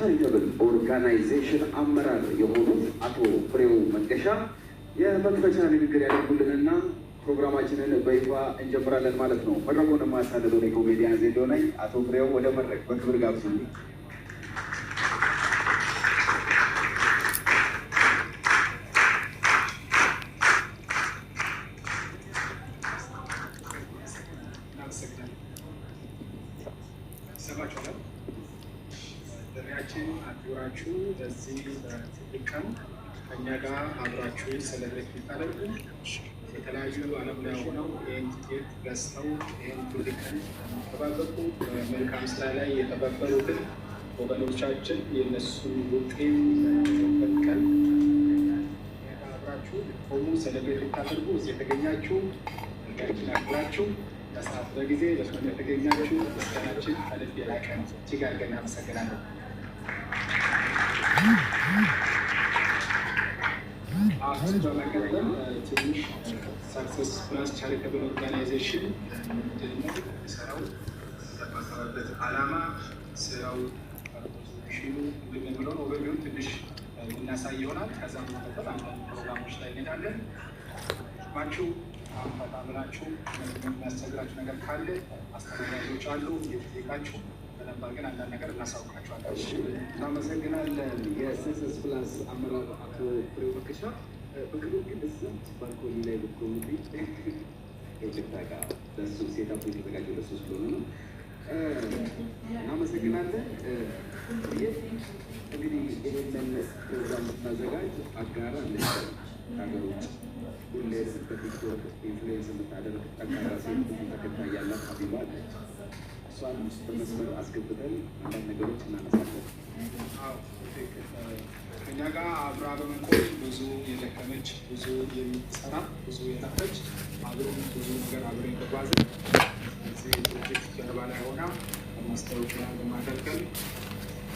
ቻሪተብል ኦርጋናይዜሽን አመራር የሆኑት አቶ ፍሬው መንገሻ የመክፈቻ ንግግር ያደርጉልንና ፕሮግራማችንን በይፋ እንጀምራለን ማለት ነው። መድረኩን የማሳደደው የኮሜዲያን ዜዶ ነኝ። አቶ ፍሬው ወደ መድረክ በክብር ጋብዙ። ሰማችኋል? ጥሪያችን አክብራችሁ በዚህ በትልቅ ቀን ከእኛ ጋር አብራችሁ ሰለብሬት የሚታደርጉ የተለያዩ ዓለም ላይ ሆነው ይህን ትኬት ገዝተው ይህን ትልቅ ቀን የሚጠባበቁ በመልካም ስራ ላይ የተባበሩትን ወገኖቻችን የእነሱን ውጤት የሚጠበቅ አብራችሁ ልትቆሙ ሰለብሬት ልታደርጉ እዚህ የተገኛችሁ አክብራችሁ በሰዓት በጊዜ በፍቅር የተገኛችሁ ምስጋናችን ከልብ የላቀ እጅግ አድርገን እናመሰግናለን። አሁን በመቀጠል ትንሽ ሳክሰስ ፕላስ ቻሪታብል ኦርጋናይዜሽን ምንድነው የሚሰራው? የተመሰረበት ዓላማ ስራው ሽኑ የምንምለው ኦቨርቪውን ትንሽ እናሳይ ይሆናል። ከዛ መቀጠል አንዳንድ ፕሮግራሞች ላይ እንሄዳለን ማችሁ አፈጣምራችሁ የሚያስቸግራችሁ ነገር ካለ አስተናጋጆች አሉ እየጠየቃችሁ በነባር ግን አንዳንድ ነገር እናሳውቃችኋለን። እናመሰግናለን። የስስስ ፕላስ አመራር አቶ ፍሬው በከሻ በክብር ግን እዛች ባልኮኒ ላይ ብትቆሙ ኢትዮጵያ ጋር ለሱ ሴታፕ የተዘጋጀው ለሱ ስለሆነ ነው። እናመሰግናለን። እንግዲህ ይህንን ፕሮግራም ብናዘጋጅ አጋራ አለ ሀገሮች ሁሌዝ በቲክቶክ ኢንፍሉዌንስ የምታደርግ ጠንካራ ሴት ብዙ ተከታይ ያላት ሀቢባ አለች። እሷን በመስመር አስገብተን አንዳንድ ነገሮች እናነሳለን። ከኛ ጋር አብራ በመቆም ብዙ የደከመች ብዙ የሚሰራ ብዙ የለፈች አብሮ ብዙ ነገር አብሮ የተጓዘ እዚህ ፕሮጀክት ጀርባ ላይ ሆና ማስታወቂያ ለማገልገል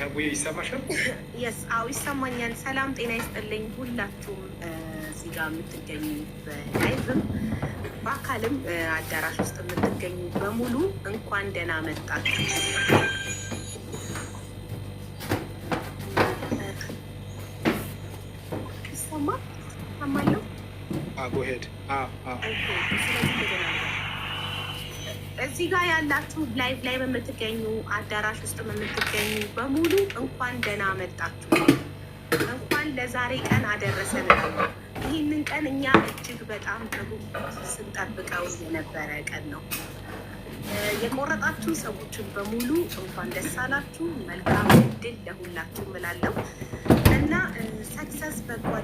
ሀቡዬ ይሰማሻል? ይሰማኛል። ሰላም ጤና ይስጥልኝ ሁላችሁም እዚህ ጋር የምትገኙ በላይቭም በአካልም አዳራሽ ውስጥ የምትገኙ በሙሉ እንኳን ደህና መጣችሁ። ይሰማ ይሰማለሁ። አዎ ሄድ ስለዚህ እዚህ ጋር ያላችሁ ላይቭ ላይ በምትገኙ አዳራሽ ውስጥ የምትገኙ በሙሉ እንኳን ደህና መጣችሁ፣ እንኳን ለዛሬ ቀን አደረሰን። ይህንን ቀን እኛ እጅግ በጣም በጉጉት ስንጠብቀው የነበረ ቀን ነው። የቆረጣችሁ ሰዎችን በሙሉ እንኳን ደስ አላችሁ። መልካም እድል ለሁላችሁ እላለሁ።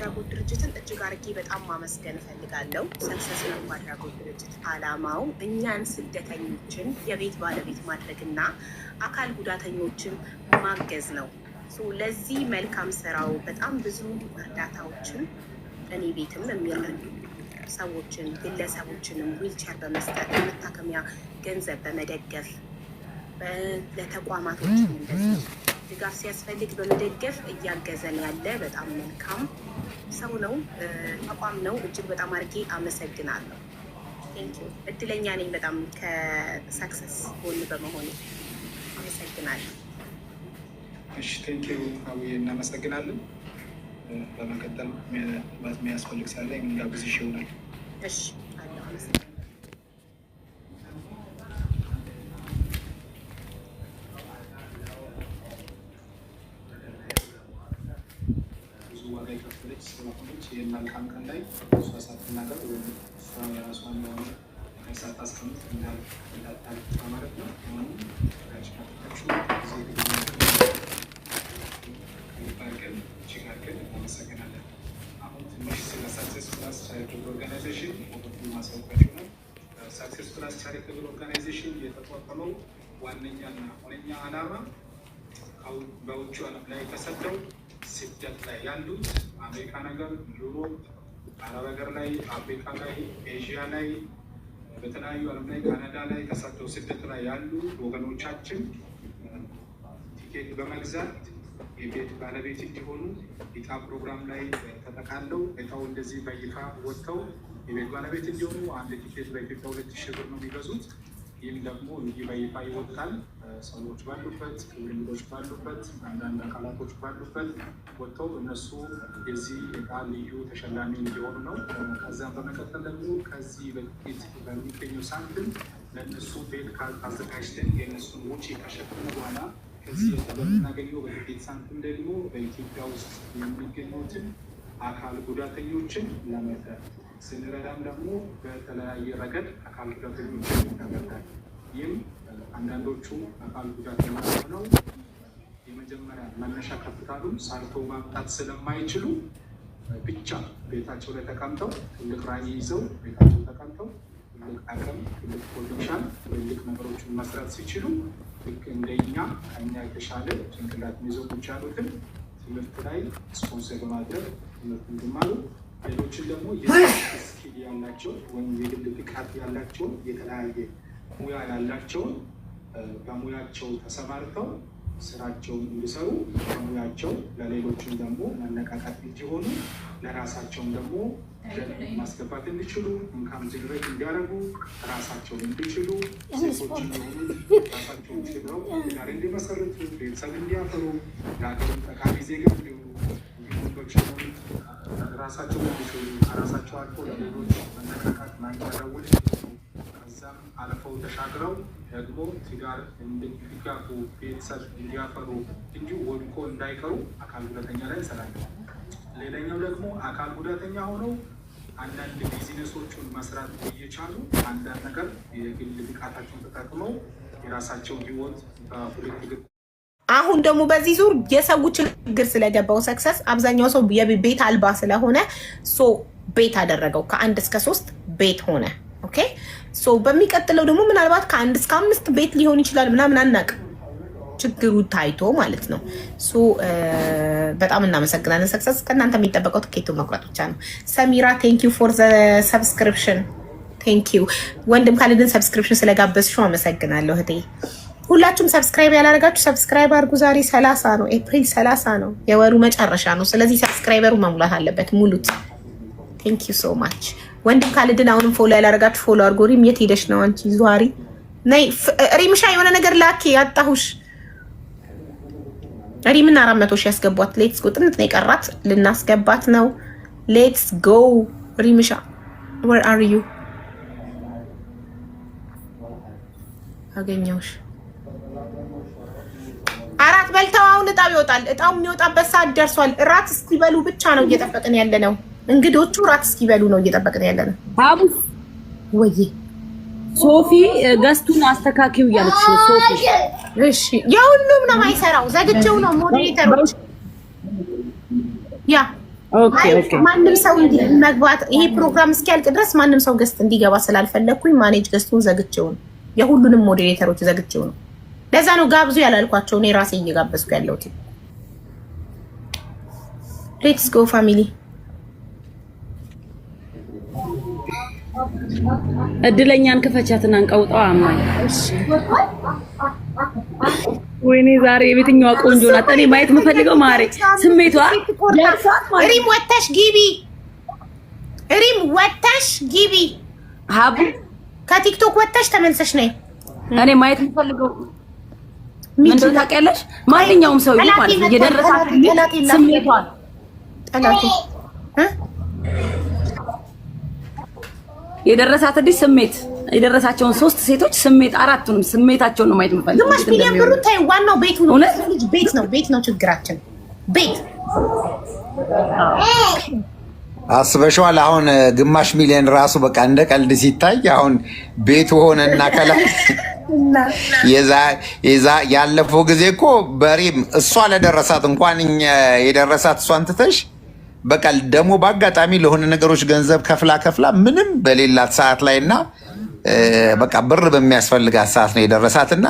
አድራጎት ድርጅትን እጅግ አርጌ በጣም ማመስገን እፈልጋለሁ። ሰክሰስ ለሆኑ አድራጎት ድርጅት አላማው እኛን ስደተኞችን የቤት ባለቤት ማድረግና አካል ጉዳተኞችን ማገዝ ነው። ለዚህ መልካም ስራው በጣም ብዙ እርዳታዎችን እኔ ቤትም የሚረዱ ሰዎችን ግለሰቦችንም ዊልቸር በመስጠት የመታከሚያ ገንዘብ በመደገፍ ለተቋማቶችም እንደዚህ ድጋፍ ሲያስፈልግ በመደገፍ እያገዘን ያለ በጣም መልካም ሰው ነው፣ ተቋም ነው። እጅግ በጣም አድርጌ አመሰግናለሁ። እድለኛ ነኝ በጣም ከሳክሰስ ጎን በመሆኑ አመሰግናለሁ። እሺ ቴንኪው አብዬ እናመሰግናለን። በመቀጠል የሚያስፈልግ ሳለ የምንጋብዝሽ ይሆናል። እሺ አለሁ። አመሰግናለሁ። መልካም ቀን ላይ እሷ ሳትናገር ወይም እሷ የራሷን የሆነ ሳታስቀምጥ እንዳታልጫ ማለት ነው። እናመሰግናለን። አሁን ትንሽ ስለ ሳክሴስ ፕላስ ኦርጋናይዜሽን ማስታወቂያቸው ነው። ሳክሴስ ፕላስ ኦርጋናይዜሽን የተቋቋመው ዋነኛና ሁነኛ አላማ በውጭ ዓለም ላይ ተሰደው ስደት ላይ ያሉት አሜሪካ ነገር፣ ዩሮፕ፣ አረብ ሀገር ላይ፣ አፍሪካ ላይ፣ ኤዥያ ላይ በተለያዩ ዓለም ላይ ካናዳ ላይ ተሰደው ስደት ላይ ያሉ ወገኖቻችን ቲኬት በመግዛት የቤት ባለቤት እንዲሆኑ ዕጣ ፕሮግራም ላይ ተጠቃለው ዕጣው እንደዚህ በይፋ ወጥተው የቤት ባለቤት እንዲሆኑ አንድ ቲኬት በኢትዮጵያ ሁለት ሺህ ብር ነው የሚገዙት። ይህም ደግሞ እንዲህ በይፋ ይወጣል። ሰዎች ባሉበት፣ ክብር ባሉበት፣ አንዳንድ አካላቶች ባሉበት ወጥተው እነሱ የዚህ ዕጣ ልዩ ተሸላሚ እንዲሆኑ ነው። ከዚያም በመቀጠል ደግሞ ከዚህ በፊት በሚገኘው ሳንቲም ለእነሱ ቤት አዘጋጅተን የእነሱን ውጪ ከሸፈነ በኋላ ከዚህ በምናገኘው በቤት ሳንቲም ደግሞ በኢትዮጵያ ውስጥ የሚገኙትን አካል ጉዳተኞችን ለመርዳት ስንረዳም ደግሞ በተለያየ ረገድ አካል ጉዳት ይረዳል። ይህም አንዳንዶቹ አካል ጉዳት የሚሆነው የመጀመሪያ መነሻ ካፒታሉን ሰርቶ ማምጣት ስለማይችሉ ብቻ ቤታቸው ላይ ተቀምጠው ትልቅ ራዕይ ይዘው ቤታቸው ተቀምጠው ትልቅ አቅም፣ ትልቅ ፖቴንሻል፣ ትልቅ ነገሮችን መስራት ሲችሉ ልክ እንደኛ ከኛ የተሻለ ጭንቅላት ይዘው ብቻ ያሉትን ትምህርት ላይ ስፖንሰር በማድረግ ትምህርት እንዲማሩ ሌሎችን ደግሞ የስኪል ያላቸውን ወይም የግል ብቃት ያላቸውን የተለያየ ሙያ ያላቸውን በሙያቸው ተሰማርተው ስራቸውን እንዲሰሩ በሙያቸው ለሌሎችን ደግሞ መነቃቃት እንዲሆኑ ለራሳቸውን ደግሞ ማስገባት እንዲችሉ እንካም ዝግረት እንዲያደርጉ ራሳቸውን እንዲችሉ ራሳቸውን ችለው ጋር እንዲመሰርቱ ቤተሰብ እንዲያፈሩ ለሀገር ጠቃሚ ዜጋ እንዲሆኑ ወንዶች ሆኑ ራሳቸው ሽ ራሳቸው አልፎ ለሌሎች መነቃቃት ማንዳዳዎች ከዛም አልፈው ተሻግረው ደግሞ ትዳር እንዲጋቡ ቤተሰብ እንዲያፈሩ እንዲሁ ወድቆ እንዳይቀሩ አካል ጉዳተኛ ላይ ይሰራል። ሌላኛው ደግሞ አካል ጉዳተኛ ሆነው አንዳንድ ቢዝነሶቹን መስራት እየቻሉ አንዳንድ ነገር የግል ብቃታቸውን ተጠቅመው የራሳቸውን ሕይወት በሁለት እግር አሁን ደግሞ በዚህ ዙር የሰው ችግር ስለገባው ሰክሰስ አብዛኛው ሰው ቤት አልባ ስለሆነ ሶ ቤት አደረገው። ከአንድ እስከ ሶስት ቤት ሆነ። ኦኬ ሶ በሚቀጥለው ደግሞ ምናልባት ከአንድ እስከ አምስት ቤት ሊሆን ይችላል ምናምን አናውቅም። ችግሩ ታይቶ ማለት ነው። ሶ በጣም እናመሰግናለን። ሰክሰስ ከእናንተ የሚጠበቀው ትኬቱ መቁረጥ ብቻ ነው። ሰሚራ ቴንኪዩ ፎር ዘ ሰብስክሪፕሽን ቴንኪዩ። ወንድም ካልድን ሰብስክሪፕሽን ስለጋበዝሽው አመሰግናለሁ እህቴ። ሁላችሁም ሰብስክራይብ ያላደረጋችሁ ሰብስክራይብ አድርጉ። ዛሬ ሰላሳ ነው ኤፕሪል ሰላሳ ነው የወሩ መጨረሻ ነው። ስለዚህ ሰብስክራይበሩ መሙላት አለበት። ሙሉት። ቴንክ ዩ ሶ ማች ወንድም ካልድን አሁንም ፎሎ ያላደረጋችሁ ፎሎ አድርጎ። ሪም የት ሄደሽ ነው አንቺ? ዟሪ ነይ ሪምሻ፣ የሆነ ነገር ላኪ። አጣሁሽ። ሪምን አራት መቶ ሺህ ያስገቧት። ሌትስ ጎ ጥንት ነው የቀራት ልናስገባት ነው። ሌትስ ጎ ሪምሻ ወር አር ዩ አገኘሁሽ። በልተው አሁን እጣው ይወጣል። እጣው የሚወጣበት ሰዓት ደርሷል። እራት እስኪበሉ ብቻ ነው እየጠበቅን ያለ ነው። እንግዶቹ እራት እስኪበሉ ነው እየጠበቅን ያለ ነው። ባቡ ወይ ሶፊ ገስቱን አስተካኪው እያለች ሶፊ። እሺ የሁሉም ነው የማይሰራው፣ ዘግቼው ነው ሞዴሬተሮች። ያ ኦኬ ኦኬ። ማንም ሰው መግባት ይሄ ፕሮግራም እስኪያልቅ ድረስ ማንም ሰው ገስት እንዲገባ ስላልፈለግኩኝ ማኔጅ ገስቱን ዘግቼው ነው፣ የሁሉንም ሞዴሬተሮች ዘግቼው ነው። ለዛ ነው ጋብዙ ያላልኳቸው። እኔ ራሴ እየጋበዝኩ ያለሁት። ሌትስ ጎ ፋሚሊ። እድለኛን ክፈቻትና እንቀውጠው። አማኝ ወይኔ ዛሬ የቤትኛዋ ቆንጆ ናት። እኔ ማየት የምፈልገው ማሬ ስሜቷ ሪም ወተሽ ጊቢ፣ ሪም ወተሽ ጊቢ፣ ሀቡ ከቲክቶክ ወተሽ ተመልሰሽ ነይ። እኔ ማየት የምፈልገው ምንድን ታውቂያለሽ? ማንኛውም ሰው ማለት ነው የደረሳት ስሜቷን የደረሳት ስሜት የደረሳቸውን ሶስት ሴቶች ስሜት አራቱንም ስሜታቸውን ነው ማየት ግማሽ ሚሊዮን ብሩ ታይ ዋናው ቤቱ ነው። ቤት ነው ቤት ነው ችግራችን ቤት አስበሽዋል። አሁን ግማሽ ሚሊዮን ራሱ በቃ እንደ ቀልድ ሲታይ አሁን ቤቱ ሆነና ከላ ያለፈው ጊዜ እኮ በሪም እሷ ለደረሳት እንኳን የደረሳት እሷን ትተሽ በቃ ደግሞ በአጋጣሚ ለሆነ ነገሮች ገንዘብ ከፍላ ከፍላ ምንም በሌላት ሰዓት ላይ እና በቃ ብር በሚያስፈልጋት ሰዓት ነው የደረሳት እና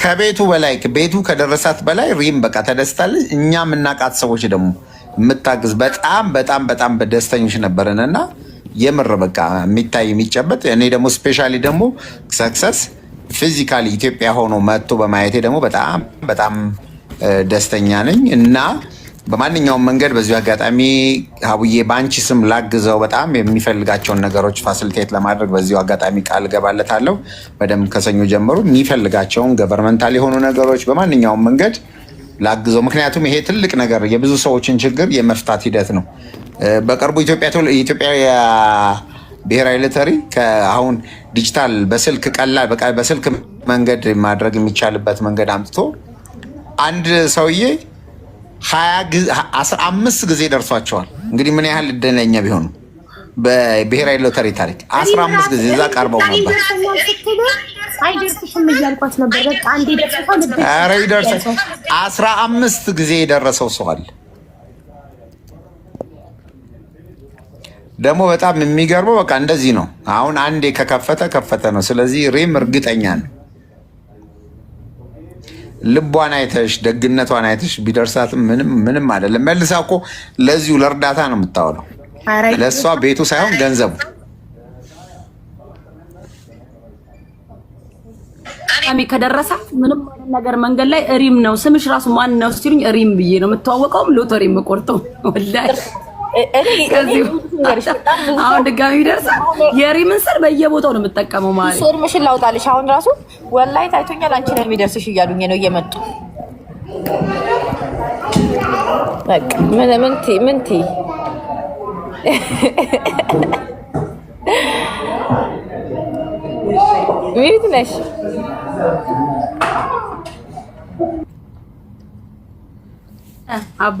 ከቤቱ በላይ ቤቱ ከደረሳት በላይ ሪም በቃ ተደስታለች። እኛ የምናቃት ሰዎች ደግሞ የምታግዝ በጣም በጣም በጣም በደስተኞች ነበርን እና የምር በቃ የሚታይ የሚጨበጥ እኔ ደግሞ ስፔሻሊ ደግሞ ሰክሰስ ፊዚካሊ ኢትዮጵያ ሆኖ መጥቶ በማየቴ ደግሞ በጣም በጣም ደስተኛ ነኝ እና በማንኛውም መንገድ በዚሁ አጋጣሚ ሀቡዬ በአንቺ ስም ላግዘው በጣም የሚፈልጋቸውን ነገሮች ፋሲሊቴት ለማድረግ በዚሁ አጋጣሚ ቃል ገባለታለሁ። በደንብ ከሰኞ ጀምሮ የሚፈልጋቸውን ገቨርንመንታል የሆኑ ነገሮች በማንኛውም መንገድ ላግዘው። ምክንያቱም ይሄ ትልቅ ነገር የብዙ ሰዎችን ችግር የመፍታት ሂደት ነው። በቅርቡ ኢትዮጵያ ብሔራዊ ሎተሪ አሁን ዲጂታል በስልክ ቀላል በስልክ መንገድ ማድረግ የሚቻልበት መንገድ አምጥቶ አንድ ሰውዬ አስራ አምስት ጊዜ ደርሷቸዋል። እንግዲህ ምን ያህል እድለኛ ቢሆኑ በብሔራዊ ሎተሪ ታሪክ አስራ አምስት ጊዜ እዛ ቀርበው ነበር። አስራ አምስት ጊዜ የደረሰው ሰው አለ ደግሞ በጣም የሚገርመው በቃ እንደዚህ ነው። አሁን አንዴ ከከፈተ ከፈተ ነው። ስለዚህ ሪም እርግጠኛ ነው። ልቧን አይተሽ ደግነቷን አይተሽ ቢደርሳትም ምንም ምንም አይደለም። መልሳ እኮ ለዚሁ ለእርዳታ ነው የምታውለው። ለእሷ ቤቱ ሳይሆን ገንዘቡ ሚ ከደረሳ ምንም ነገር መንገድ ላይ ሪም ነው ስምሽ ራሱ ማን ነው ሲሉኝ ሪም ብዬ ነው የምተዋወቀውም ሎተሪ የምቆርጠው ወላሂ አሁን ድጋሚ ይደርሳል። የሪምን ስር በየቦታው ነው የምጠቀመው። ማለት ሶርምሽን ላውጣልሽ። አሁን ራሱ ወላይ ታይቶኛል። አንቺ ነው የሚደርስሽ እያሉኝ ነው እየመጡ ምንቲ ምንቲ ሚዩት ነሽ አባ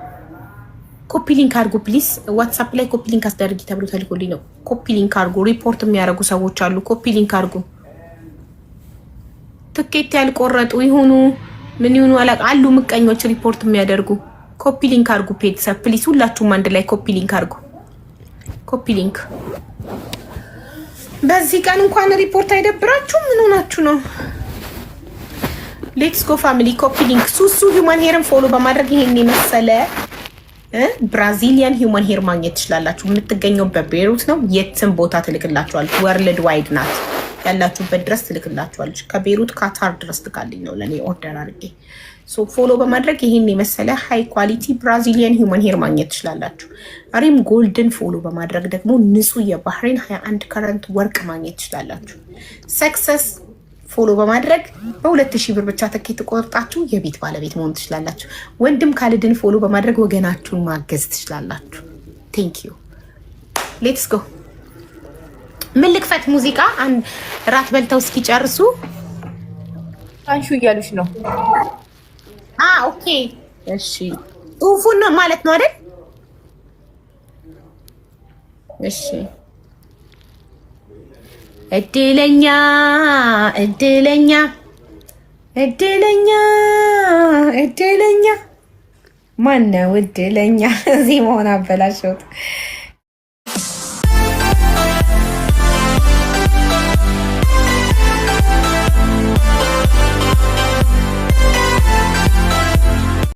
ኮፒ ሊንክ አድርጉ ፕሊስ። ዋትሳፕ ላይ ኮፒ ሊንክ አስደርጊ ተብሎ ተልኮልኝ ነው። ኮፒ ሊንክ አድርጉ። ሪፖርት የሚያደርጉ ሰዎች አሉ። ኮፒ ሊንክ አድርጉ። ትኬት ያልቆረጡ ይሁኑ ምን ይሁኑ አሉ ምቀኞች ሪፖርት የሚያደርጉ ኮፒ ሊንክ አድርጉ። ቤተሰብ ፕሊስ፣ ሁላችሁም አንድ ላይ ኮፒ ሊንክ አድርጉ። ኮፒ ሊንክ በዚህ ቀን እንኳን ሪፖርት አይደብራችሁ? ምን ሆናችሁ ነው? ሌትስ ጎ ፋሚሊ ኮፒ ሊንክ ሱሱ ሂውማን ሄርን ፎሎ በማድረግ ይሄን የመሰለ ብራዚሊያን ሂውማን ሄር ማግኘት ትችላላችሁ። የምትገኘው በቤሩት ነው። የትም ቦታ ትልክላችኋለች። ወርልድ ዋይድ ናት። ያላችሁበት ድረስ ትልክላችኋለች። ከቤሩት ካታር ድረስ ትካልኝ ነው ለእኔ ኦርደር አድርጌ። ፎሎ በማድረግ ይህን የመሰለ ሃይ ኳሊቲ ብራዚሊያን ሂውማን ሄር ማግኘት ትችላላችሁ። አሪም ጎልድን ፎሎ በማድረግ ደግሞ ንጹህ የባህሬን 21 ከረንት ወርቅ ማግኘት ትችላላችሁ። ሰክሰስ ፎሎ በማድረግ በሁለት ሺህ ብር ብቻ ትኬት ተቆርጣችሁ የቤት ባለቤት መሆን ትችላላችሁ። ወንድም ካልድን ፎሎ በማድረግ ወገናችሁን ማገዝ ትችላላችሁ። ቴንክ ዩ ሌትስ ጎ። ምን ልክፈት ሙዚቃ? ራት በልተው እስኪጨርሱ አንሹ እያሉች ነው። ኦኬ እሺ። ጽሁፉን ማለት ነው አይደል? እሺ እድለኛ እድለኛ እድለኛ እድለኛ ማን ነው እድለኛ? እዚህ መሆን አበላሸሁት።